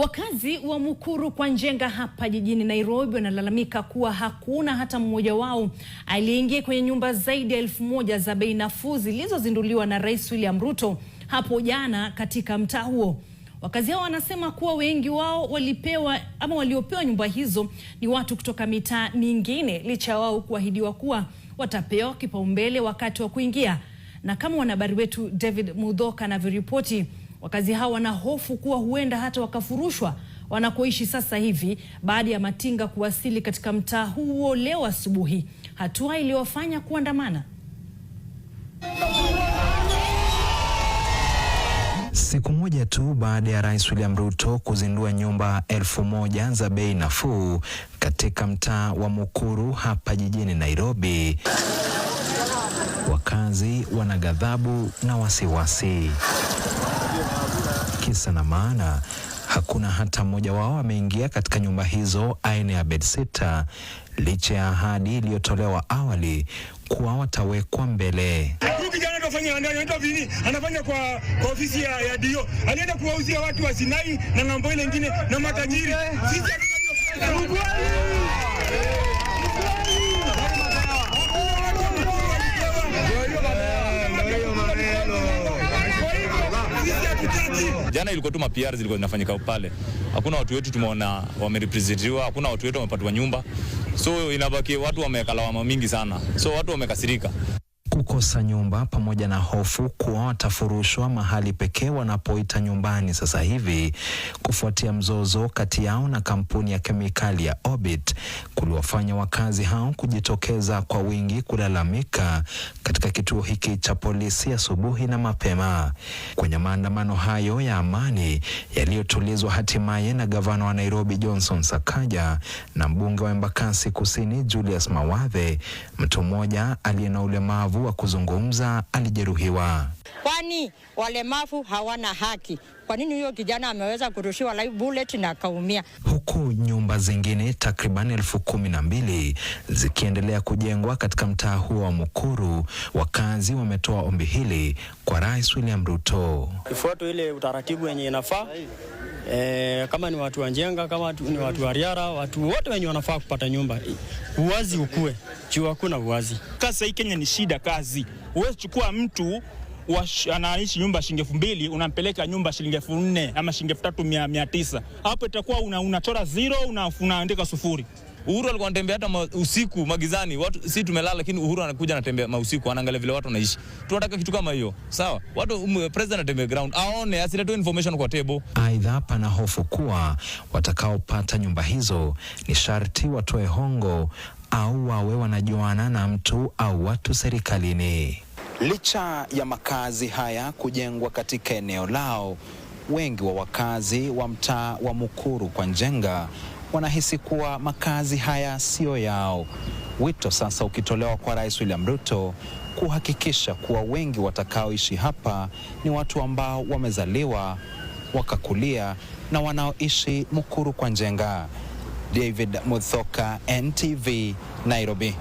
Wakazi wa Mukuru kwa Njenga hapa jijini Nairobi wanalalamika kuwa hakuna hata mmoja wao aliyeingia kwenye nyumba zaidi ya elfu moja za bei nafuu zilizozinduliwa na Rais William Ruto hapo jana katika mtaa huo. Wakazi hao wanasema kuwa wengi wao walipewa ama waliopewa nyumba hizo ni watu kutoka mitaa mingine, licha wao kuahidiwa kuwa watapewa kipaumbele wakati wa kuingia. Na kama mwanahabari wetu David Mudhoka anavyoripoti Wakazi hao wanahofu kuwa huenda hata wakafurushwa wanakoishi sasa hivi baada ya matinga kuwasili katika mtaa huo leo asubuhi, hatua iliyofanya kuandamana. Siku moja tu baada ya Rais William Ruto kuzindua nyumba elfu moja za bei nafuu katika mtaa wa Mukuru hapa jijini Nairobi, wakazi wana ghadhabu na wasiwasi. Kisa na maana hakuna hata mmoja wao ameingia katika nyumba hizo aina ya bedsitter, licha ya ahadi iliyotolewa awali kuwa watawekwa mbele. anafanya anafanya kwa, kwa ofisi ya, ya Dio, alienda kuwauzia watu wa Sinai na ng'ambo ile ingine na matajiri. Sisi Jana ilikuwa tu ma PR zilikuwa zinafanyika pale, hakuna watu wetu tumeona wamerepresentiwa, hakuna watu wetu wamepatwa nyumba, so inabaki watu wamekalawama mingi sana, so watu wamekasirika kukosa nyumba pamoja na hofu kuwa watafurushwa mahali pekee wanapoita nyumbani sasa hivi kufuatia mzozo kati yao na kampuni ya kemikali ya Orbit kuliwafanya wakazi hao kujitokeza kwa wingi kulalamika katika kituo hiki cha polisi asubuhi na mapema. Kwenye maandamano hayo ya amani yaliyotulizwa hatimaye na gavana wa Nairobi Johnson Sakaja na mbunge wa Embakasi Kusini Julius Mawathe, mtu mmoja aliye na ulemavu wa kuzungumza alijeruhiwa. Kwani walemavu hawana haki? Kwa nini huyo kijana ameweza kurushiwa live bullet na akaumia? Huku nyumba zingine takriban elfu kumi na mbili zikiendelea kujengwa katika mtaa huo wa Mukuru, wakazi wametoa ombi hili kwa Rais William Ruto ifuatwe ile utaratibu wenye inafaa e, kama ni watu wa Njenga, kama ni watu wa Riara, watu wote wenye wanafaa kupata nyumba, uwazi ukue juu hakuna uwazi. Kazi hii Kenya ni shida, kazi huwezi chukua mtu anaishi nyumba shilingi elfu mbili unampeleka nyumba shilingi elfu nne ama shilingi elfu tatu mia tisa hapo itakuwa unachora una zero unaandika una sufuri. Uhuru alikuwa anatembea hata usiku magizani, watu si tumelala, lakini Uhuru anakuja anatembea mausiku, anaangalia vile watu wanaishi. Tunataka kitu kama hiyo, sawa? Watu um, president atembee ground, aone, asilete information kwa table. Aidha, pana hofu kuwa watakaopata nyumba hizo ni sharti watoe hongo au wawe wanajuana na mtu au watu serikalini. Licha ya makazi haya kujengwa katika eneo lao, wengi wa wakazi wa mtaa wa Mukuru kwa Njenga wanahisi kuwa makazi haya siyo yao. Wito sasa ukitolewa kwa Rais William Ruto kuhakikisha kuwa wengi watakaoishi hapa ni watu ambao wamezaliwa wakakulia na wanaoishi Mukuru kwa Njenga. David Muthoka, NTV, Nairobi.